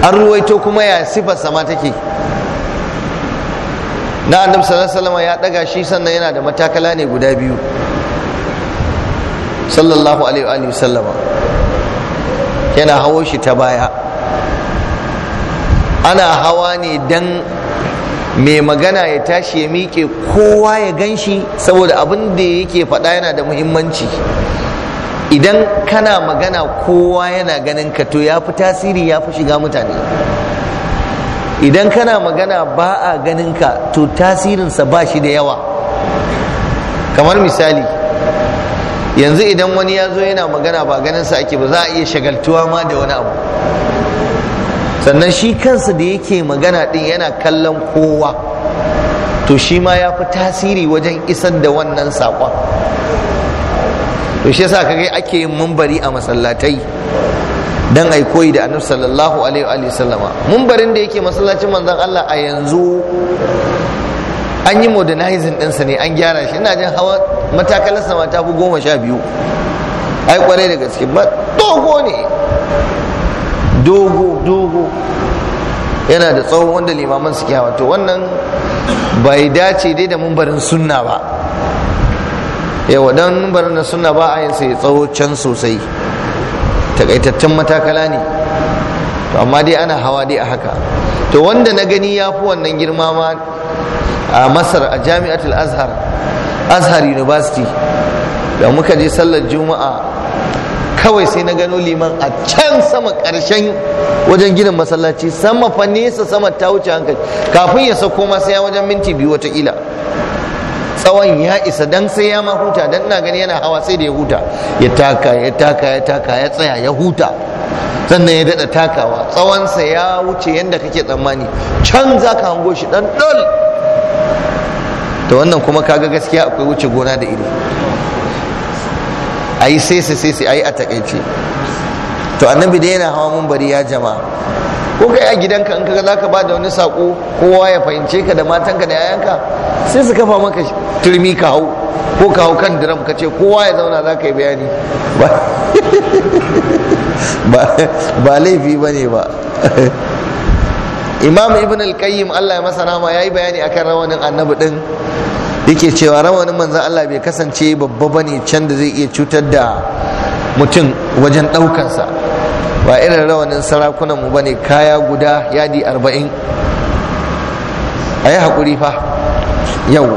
an ruwaito kuma ya sifar sama take na annabi sallallahu alaihi ya daga shi sannan yana da matakala ne guda biyu sallallahu alaihi wa sallama yana hawo shi ta baya ana hawa ne dan mai magana ya tashi ya miƙe kowa ya gan shi saboda abin da yake faɗa yana da muhimmanci idan kana magana kowa yana ganin ka to ya fi tasiri ya fi shiga mutane idan kana magana ba a ganinka to tasirinsa ba shi da yawa kamar misali yanzu idan wani ya zo yana magana ba ganin sa ake ba za a iya shagaltuwa ma da wani abu sannan shi kansa da yake magana din yana kallon kowa to shi ma ya fi tasiri wajen isar da wannan saƙon to shi yasa kaga ake yin mambari a masallatai dan ai koyi da annabi sallallahu alaihi wa sallama barin da yake masallacin manzon Allah a yanzu an yi modernizing ɗinsa ne an gyara shi ina jin hawa matakalar sama ta fi goma sha biyu ai kwarai da gaske ba dogo ne dogo dogo yana da tsawo wanda limaman suke hawa to wannan bai dace dai da mun barin sunna ba yawa dan barin sunna ba a yin sai tsawo can sosai takaitaccen matakala ne to amma dai ana hawa dai a haka to wanda na gani ya fi wannan girma ma a masar a jami'atul azhar azhar university da muka je sallar juma'a kawai sai na gano liman a can sama karshen wajen ginin masallaci sama fa nesa sama ta wuce hankali kafin ya sauko ma sai wajen minti biyu watakila tsawon ya isa dan sai ya ma huta dan ina gani yana hawa sai da ya huta ya taka ya taka ya taka ya tsaya ya huta sannan ya daɗa takawa tsawonsa ya wuce yadda kake tsammani can za ka hango shi ɗan ɗol da wannan kuma kaga gaskiya akwai wuce gona da iri a yi sai sai sai a yi a takaice to annabi da yana hawa bari ya jama ko kai a gidanka in kaga ka ba da wani sako kowa ya fahimce ka da matanka da yayanka sai su kafa maka turmi ka hau ko ka hau kan diram ka ce kowa ya zauna za ka yi bayani ba laifi ba ne ba imam ibn al-qayyim Allah ya masa rama yi bayani akan rawanin annabi din yake cewa rawanin manzan Allah bai kasance babba ba ne can da zai iya cutar da mutum wajen ɗaukansa. ba irin rawanin sarakunan mu ne kaya guda yadi arba'in. A yi hakuri fa yau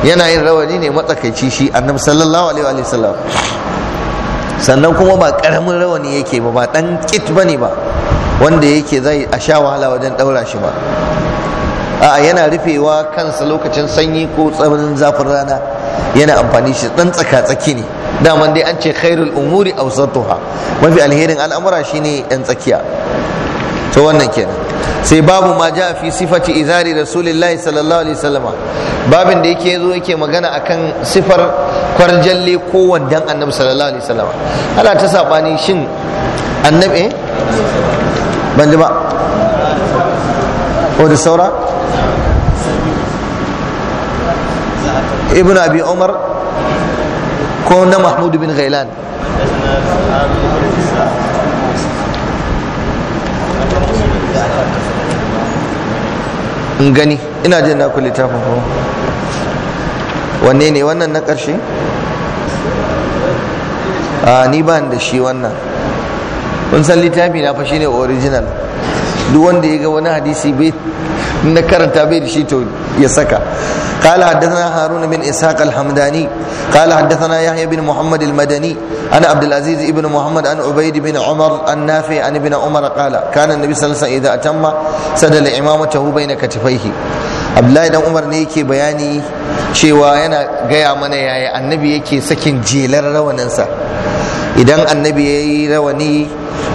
yana yin rawani ne matsakaici shi annabi sallallahu alaihi wa sallam sannan kuma ba karamin rawani yake ba ba dan kit bane ba wanda yake zai a sha wahala wajen daura shi ba a yana rufewa kansa lokacin sanyi ko tsananin zafin rana yana amfani shi dan tsaka-tsaki ne daman dai an ce khairul umuri awsatuha mafi alherin al'amura shine yan tsakiya to wannan kenan sai babu ma ja fi sifati izari rasulillahi sallallahu alaihi wasallama babin da yake zo yake magana akan sifar kwarjalle ko wandan annabi sallallahu alaihi wasallama ana ta sabani shin annabi eh? ban ji ba ko da saura ibn abi umar ko na mahmud bin ghailan in gani ina jin kulle tafin kuma wanne ne wannan na ƙarshe a ni ba da shi wannan kun san littafi na fa shine original duk wanda ya ga wani hadisi bai na karanta bai da shi to ya saka قال حدثنا هارون بن اسحاق الحمداني قال حدثنا يحيى بن محمد المدني عن عبد العزيز بن محمد عن عبيد بن عمر النافع عن ابن عمر قال كان النبي صلى الله عليه وسلم اذا اتم سدل امامته بين كتفيه abdullahi dan umar ne yake bayani cewa yana gaya mana yaya annabi yake sakin jelar rawaninsa idan annabi ya yi rawani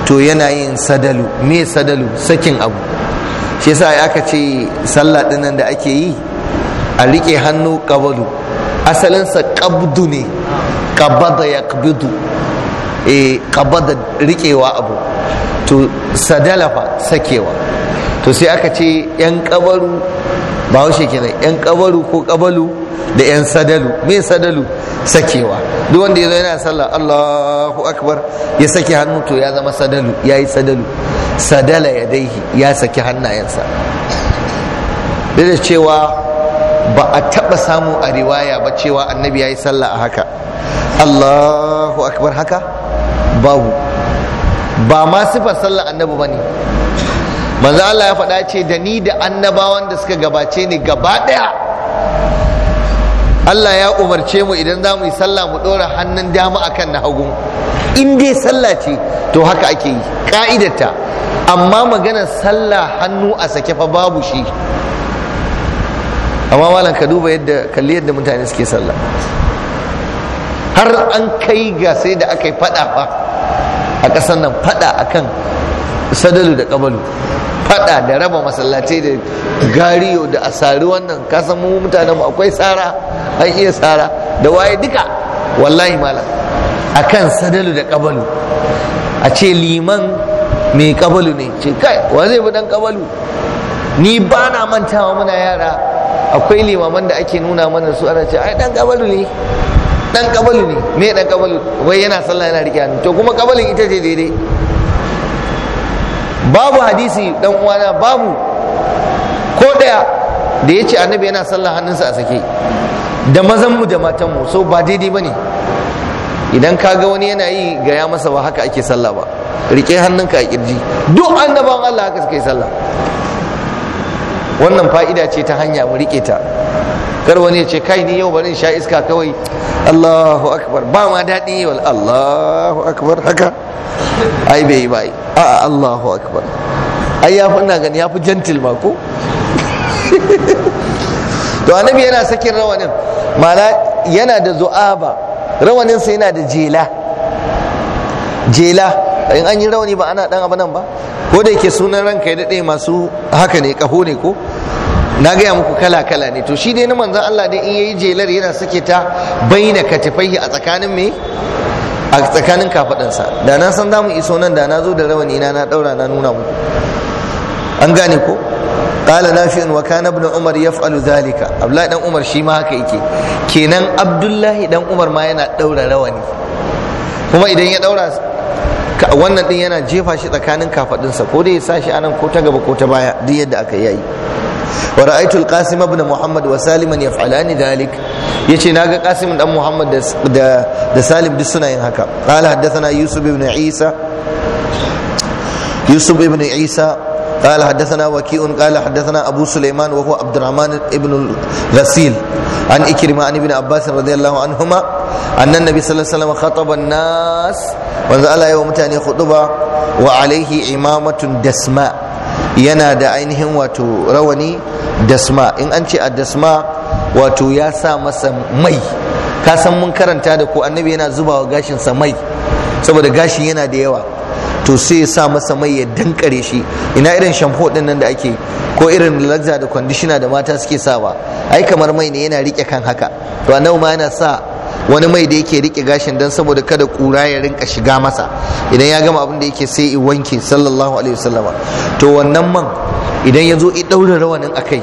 to yana yin sadalu me sadalu sakin abu shi sa aka ce sallah dinnan da ake yi a riƙe hannu qabalu asalinsa ƙabdu ne ya yaqbidu e eh, qabada riƙewa abu to sadalafa sakewa to sai aka ce yan kabaru ba haushe kenan yan kabaru ko kabalu da yan sadalu me sadalu sakewa duk wanda ya zo yana sallah Allahu akbar ya sake hannu to ya zama sadalu yayi sadalu sadala ya daihi ya saki hannayensa duk da cewa ba a taɓa samu a riwaya ba cewa annabi ya yi sallah a haka allahu akbar haka babu ba ma sifar sallah annabi ba ne manzo Allah ya faɗa ce da ni da annabawan da suka gabace ni gaba ɗaya Allah ya umarce mu idan za mu yi sallah mu ɗora hannun dama akan na hagu in dai sallah ce to haka ake yi ƙa'idarta amma maganar sallah hannu a sake fa babu shi amma malam ka duba yadda kalli yadda mutane suke sallah har an kai ga sai da aka yi fada fa a ƙasar nan fada akan sadalu da kabalu fada da raba masallatai da gariyo da asari wannan kasan mu mutanen mu akwai tsara an iya tsara da waye duka wallahi malam akan sadalu da kabalu a ce liman mai kabalu ne ce kai wa zai dan kabalu ni ba na mantawa muna yara akwai limaman da ake nuna mana su ana ce ai dan kabalu ne dan kabalu ne me dan kabalu wai yana sallah yana rike hannu to kuma kabalin ita ce daidai babu hadisi dan uwana babu ko daya da yace annabi yana sallah hannunsa a sake da mazan mu da matan mu so ba daidai ba idan kaga wani yana yi ga ya masa ba haka ake sallah ba rike hannunka a kirji duk annaban Allah haka suke sallah wannan fa'ida ce ta hanya mu rike ta kar wani ya ce kai ni yau bari sha iska kawai Allahu akbar ba ma dadi wal Allahu akbar haka ai bai yi ba a Allahu akbar ai ya fi gani ya fi gentil ma ko [laughs] to annabi yana sakin rawanin mana yana da zu'aba rawanin sa yana da jela jela in an yi rawani ba ana dan nan ba ko da yake sunan ranka ya dade masu haka ne kaho ne ko na gaya muku kala kala ne to shi dai na manzon Allah dai in yayi jelar yana sake ta baina katifai a tsakanin me a tsakanin kafadansa da na san zamu iso nan da na zo da rawani na na daura na nuna muku an gane ko qala nafi'un wa kana ibn umar yaf'alu zalika abdullahi dan umar shi ma haka yake kenan abdullahi dan umar ma yana daura rawani kuma idan ya ɗaura wannan ɗin yana jefa shi tsakanin kafadinsa ko dai ya sa shi anan ko ta gaba ko ta baya duk yadda aka yi wa ra'aytu al-qasim ibn muhammad wa saliman yaf'alani dhalik yace naga qasim dan muhammad da da salim duk suna yin haka qala haddathana yusuf ibn isa yusuf ibn isa قال حدثنا وكيء قال حدثنا ابو سليمان وهو عبد الرحمن بن الغسيل عن إكرمة عن ابن عباس رضي الله عنهما أن النبي صلى الله عليه وسلم خطب الناس وانزل يوم تاني خطبة وعليه إمامة دسماء yana da ainihin wato rawani dasma in an ce a dasma wato ya sa masa mai ka san mun karanta da ku annabi yana zubawa gashinsa mai saboda gashin yana da yawa to sai ya sa masa mai ya dankare shi ina irin shampo din nan da ake ko irin relaxer da conditioner da mata suke sawa ai kamar mai ne yana rike kan haka to annabi ma yana sa wani mai da yake rike gashin dan saboda kada kura ya rinka shiga masa idan ya gama abin da yake sai i wanke sallallahu alaihi wasallama to wannan man idan ya zo i daura rawanin akai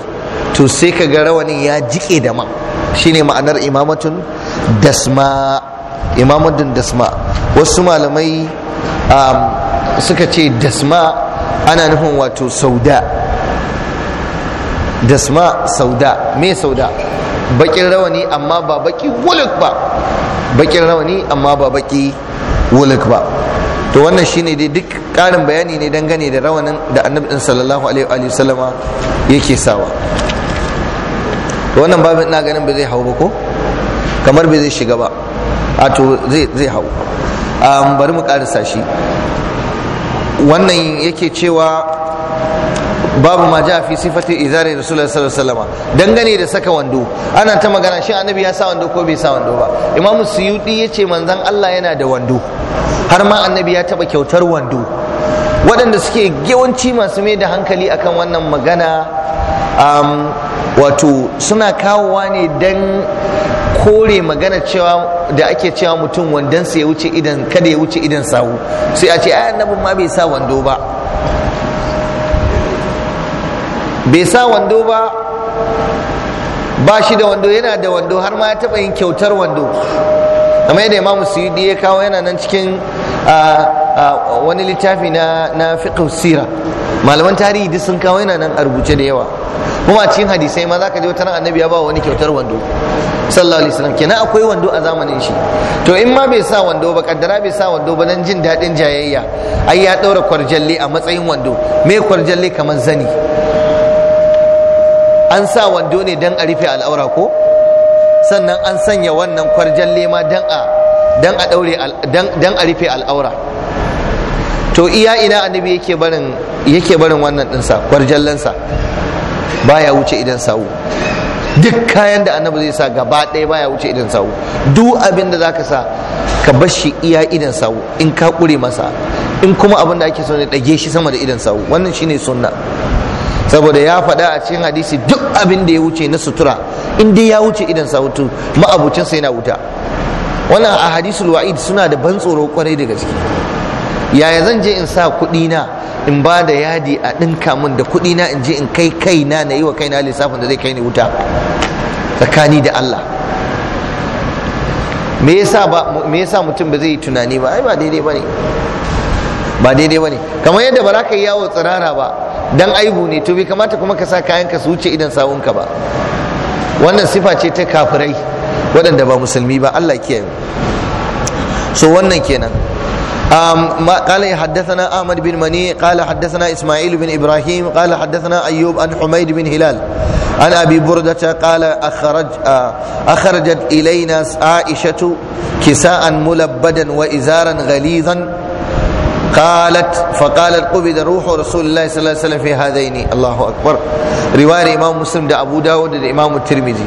to sai ka ga rawanin ya jike da man shine ma'anar imamatun dasma imamatun dasma wasu malamai um, suka ce dasma ana nufin wato sauda dasma sauda me sauda bakin rawani amma ba baki wuluk ba bakin rawani amma ba baki wuluk ba to wannan shine dai duk karin bayani ne dangane da rawanin da annabi din sallallahu alaihi wa sallama yake sawa to wannan babin ina ganin ba zai hau ba ko kamar ba zai shiga ba a to zai zai hau bari mu karisa shi wannan yake cewa babu ma ja fi sifati izari rasulullahi sallallahu alaihi wasallam dangane da saka wando ana ta magana shin annabi ya sa wando ko bai sa wando ba imamu suyudi yace manzon Allah yana da wando har ma annabi ya taba kyautar wando waɗanda suke yawanci masu mai da hankali akan wannan magana wato suna kawowa ne don kore magana cewa da ake cewa mutum wandonsa ya wuce idan kada ya wuce idan sawu sai a ce ai annabin ma bai sa wando ba bai sa wando ba ba shi da wando yana da wando har ma ya taba yin kyautar wando amma yadda imamu suyudi ya kawo yana nan cikin wani littafi na na sira malaman tarihi duk sun kawo yana nan a rubuce da yawa kuma a cikin hadisai ma ka ji wata ran annabi ya ba wani kyautar wando sallallahu alaihi wasallam kenan akwai wando a zamanin shi to in ma bai sa wando ba kaddara bai sa wando ba dan jin dadin jayayya ai ya daura kwarjalle a matsayin wando me kwarjalle kamar zani an sa wando ne don a rufe al'aura ko sannan an sanya wannan kwarjan lema don a don a daure don a rufe al'aura to iya ina annabi yake barin yake barin wannan dinsa Ba baya wuce idan sawu duk kayan da annabi zai sa gaba ɗaya baya wuce idan sawu duk abin da zaka sa ka bar shi iya idan sawu in ka kure masa in kuma abin da ake so ne ɗage shi sama da idan sawu wannan shine sunna saboda ya faɗa a cikin hadisi duk abin da ya wuce na sutura in dai ya wuce idan sa wutu ma'abucin sai na wuta wannan a hadisul wa'id suna da ban tsoro kwarai da gaske yaya zan je in sa kuɗi na in ba da yadi a ɗinka min da kuɗi na in je in kai kaina na yi wa kaina lissafin da zai kai ni wuta tsakani da Allah me yasa ba me yasa mutum ba zai yi tunani ba ai ba daidai bane ba daidai bane kamar yadda ba ka yi yawo tsirara ba dan aibu ne to bai kamata kuma ka sa kayanka su wuce idan ka ba wannan sifa ce ta kafirai waɗanda ba musulmi ba Allah kiyaye so wannan kenan قال حدثنا أحمد بن مني قال حدثنا إسماعيل بن إبراهيم قال حدثنا أيوب عن حميد بن هلال عن أبي بردة قال أخرج أخرجت إلينا عائشة كساء ملبدا وإزارا غليظا قالت فقالت قبض روح رسول الله صلى الله عليه وسلم في هذين الله اكبر روايه امام مسلم ده ابو داود ده امام الترمذي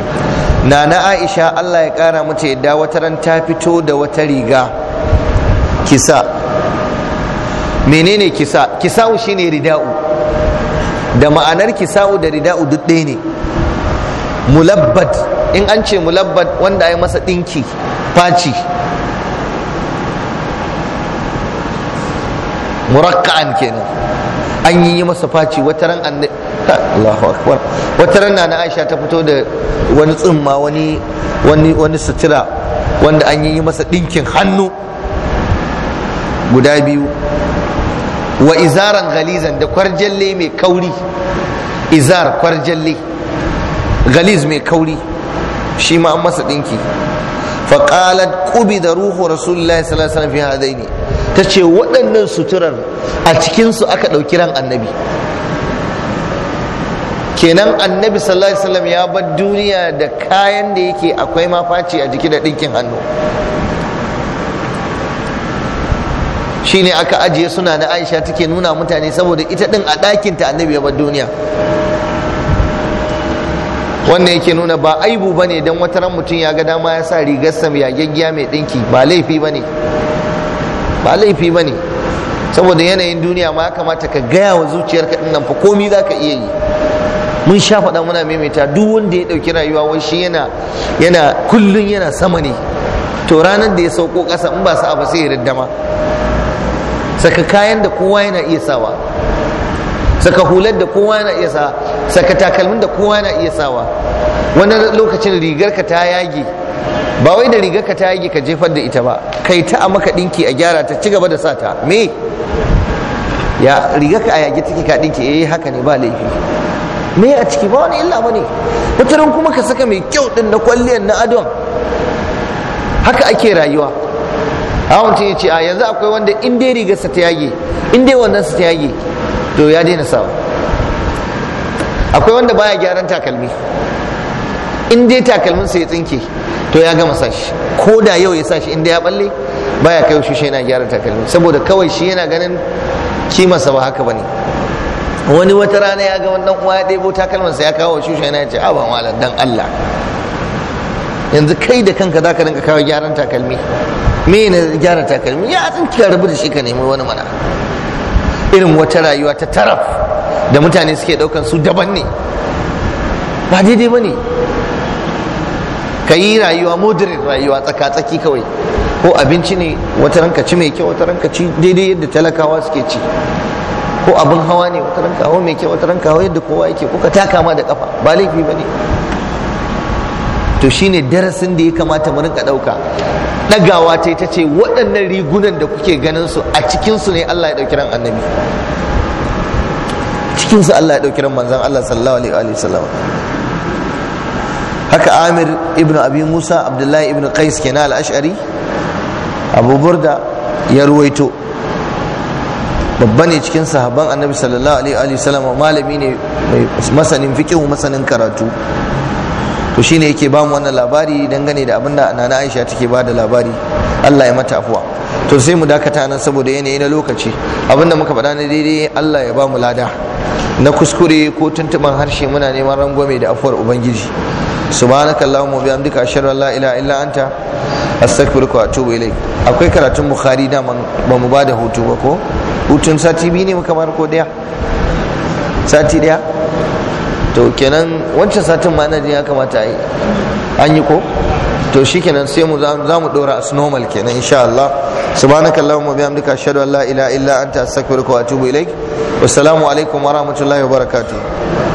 نانا عائشه الله يقارى متى دا وترن تابتو دا وتريقا كساء menene kisa kisa'u shine rida'u da ma'anar kisa'u da rida'u duk ɗaya ne mulabbad in an ce mulabbad wanda ai masa ɗinki faci murakka'an kenan an yi masa faci wata ran an Allahu akbar wata ran na Aisha ta fito da wani tsumma wani wani wani sutura wanda an yi masa dinkin hannu guda biyu wa izaran galizan da kwarjalle mai kauri izar kwarjalle galiz mai kauri shi ma an masa dinki faqalat qubida ruhu rasulullahi sallallahu alaihi wasallam fi hadaini ta ce waɗannan suturar a cikinsu aka ɗauki ran annabi kenan annabi sallallahu alaihi wasallam ya bar duniya da kayan da yake akwai ma faci a jiki da ɗinkin hannu shine aka ajiye suna na aisha take nuna mutane saboda ita ɗin a ɗakinta annabi ya bar duniya wannan yake nuna ba aibu ba ne don wata ran mutum ya ga dama ya sa rigar sam mai ɗinki ba laifi ba ne ba laifi ba ne saboda yanayin duniya ma ya kamata ka gaya wa zuciyarka ka dinnan fa komi za ka iya yi mun sha faɗa muna maimaita duk wanda ya ɗauki rayuwa wai shi yana yana kullun yana sama ne to ranar da ya sauko ƙasa in ba sa'a ba sai ya daddama saka kayan da kowa yana iya sawa saka hular da kowa yana iya sawa saka takalmin da kowa yana iya sawa wani lokacin rigar ka ta yage ba wai da riga ka ta yage ka jefar da ita ba kai ta a maka dinki a gyara ta ci gaba da sata me ya riga ka a yage take ka dinki eh haka ne ba laifi me a ciki ba wani illa bane wataran kuma ka saka mai kyau din na kwalliyar na adon haka ake rayuwa a wancan ya ce a yanzu akwai wanda in dai rigarsa ta yage in dai wannan sa ta yage to ya daina sawa akwai wanda baya gyaran takalmi in dai takalmin sa ya tsinke to ya gama sashi ko da yau ya sashi inda ya balle baya kai shi yana gyara takalmi saboda kawai shi yana ganin kimarsa ba haka bane wani wata rana ya ga wannan uwa ya ɗebo takalmansa ya kawo shi yana ce aban malam dan Allah yanzu kai da kanka zaka rinka kawo gyaran takalmi me ne gyara takalmi ya san ka rabu da shi ka nemi wani mana irin wata rayuwa ta taraf da mutane suke daukan su daban ne ba daidai ba ne ka yi rayuwa moderate rayuwa tsaka-tsaki kawai ko abinci ne wata ranka ci mai kyau wata ranka ci daidai yadda talakawa suke ci ko abin hawa ne wata ranka hawa mai kyau wata ranka hawa yadda kowa yake ko ka taka ma da kafa ba laifi ba ne to shine darasin da ya kamata mu rinka ɗauka ɗagawa ta ita ce waɗannan rigunan da kuke ganin su a cikinsu ne Allah ya ɗauki ran annabi cikinsu Allah ya ɗauki ran manzon Allah sallallahu alaihi wa sallam haka amir ibn abi musa abdullahi ibn qais kenan al-ash'ari abu burda ya ruwaito babba ne cikin sahabban annabi sallallahu alaihi sallam malami ne mai masanin fiqh masanin karatu to shine yake ba mu wannan labari dangane da abinda nana Aisha take ba da labari Allah ya mata afuwa to sai mu dakata nan saboda yanayi na lokaci abinda muka faɗa na daidai Allah ya ba mu lada na kuskure ko tuntuban harshe muna neman rangwame da afuwar ubangiji subhanaka allahumma wa bihamdika ashhadu an la ilaha illa anta astaghfiruka wa atubu ilaik akwai karatun bukhari da ba mu bada hutu ba ko hutun sati biyu ne muka bar ko daya sati daya to kenan wancan satin ma jin ya kamata a yi an yi ko to shikenan sai mu za mu dora as normal kenan insha Allah subhanaka allahumma bihamdika ashhadu an la ilaha illa anta astaghfiruka wa atubu ilaik wassalamu alaikum wa rahmatullahi wa barakatuh